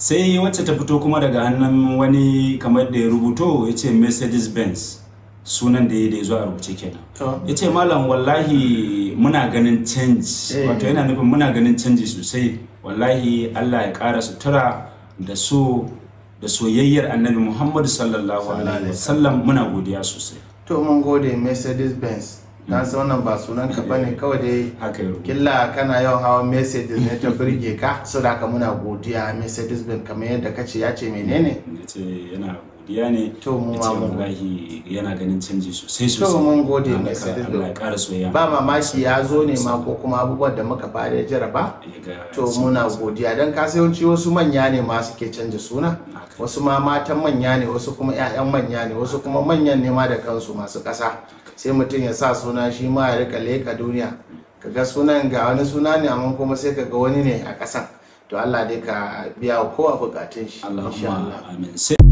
sai wacce ta fito kuma daga hannun wani kamar da ya rubuto ya ce mercedes benz sunan da ya zo a rubuce kenan ya ce malam wallahi muna ganin canji eh. wato yana nufin muna ganin canji sosai wallahi allah ya kara sutura da so da soyayyar annabi muhammadu sallallahu alaihi wasallam muna godiya sosai to mun gode mercedes benz ta san wannan ba sunan ka bane kawai dai killa kana yawan hawan messages ne ta birge ka so da muna godiya messages bin kamar yadda kace ya ce menene yana ne to wallahi yana ganin canji sosai sosai to mun gode ba mamaki ya zo ne ma ko kuma abubuwan da muka fara jaraba to muna godiya dan ka sai yawanci wasu manya ne ma suke canja suna wasu ma matan manya ne wasu kuma ƴaƴan manya ne wasu kuma manyan ne ma da kansu masu ƙasa sai mutum ya sa suna shi ma ya rika leka duniya kaga sunan ga wani suna ne amma kuma sai kaga wani ne a ƙasan to Allah dai ka biya kowa bukatun shi insha Allah amin